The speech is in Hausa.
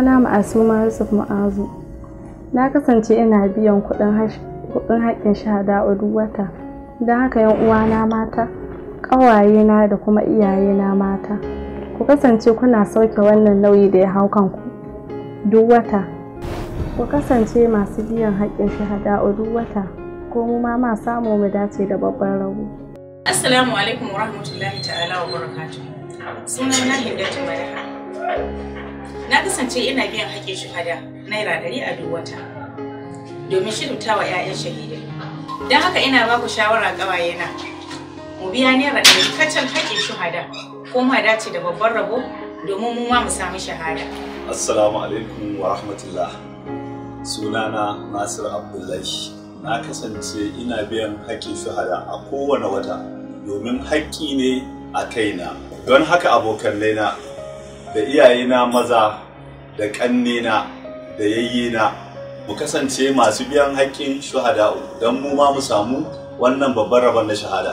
sunana ma'asuma yusuf ma'azu na kasance ina biyan kuɗin haƙƙin shahada duk wata don haka yan uwana mata na da kuma iyaye na mata ku kasance kuna sauke wannan nauyi da ya hau kanku duk wata ku kasance masu biyan haƙƙin shahada a duk wata ko mu ma ma samu mu dace da babban rabo assalamu alaikum wa rahmatullahi ta'ala wa sunan hidda ta na kasance ina biyan haƙƙin shuhada naira ɗari a duk wata domin wa 'ya'yan shahida. don haka ina ba ku shawara ƙawayena mu biya naira ɗari kacal haƙƙin shuhada ko ma dace da babban rabo domin mu ma mu samu shahada assalamu alaikum wa rahmatullah sunana nasir abdullahi na kasance ina biyan haƙƙin shuhada a kowane wata domin haƙƙi ne a kaina don haka abokan Laina da iyayena maza da ƙannena da yayyena mu kasance masu biyan haƙƙin shuhada don mu ma mu samu wannan babban rabon na shahada